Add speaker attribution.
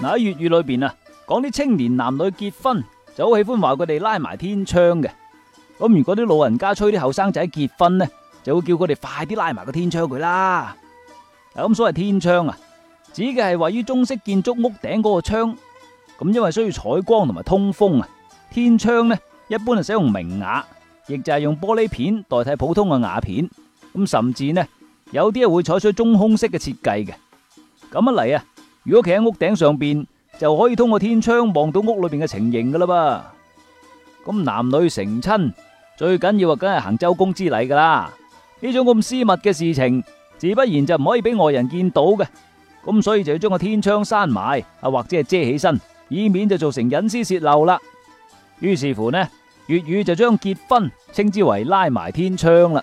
Speaker 1: 嗱，喺粵語裏邊啊，講啲青年男女結婚就好喜歡話佢哋拉埋天窗嘅。咁如果啲老人家催啲後生仔結婚呢，就會叫佢哋快啲拉埋個天窗佢啦。咁所謂天窗啊，指嘅係位於中式建築屋頂嗰個窗。咁因為需要採光同埋通風啊，天窗呢一般係使用明瓦，亦就係用玻璃片代替普通嘅瓦片。咁甚至呢，有啲係會採取中空式嘅設計嘅。咁一嚟啊。如果企喺屋頂上邊，就可以通過天窗望到屋裏邊嘅情形噶啦噃。咁男女成親，最緊要啊，梗係行周公之禮噶啦。呢種咁私密嘅事情，自不然就唔可以俾外人見到嘅。咁所以就要將個天窗閂埋啊，或者係遮起身，以免就造成隱私泄漏啦。於是乎呢，粵語就將結婚稱之為拉埋天窗啦。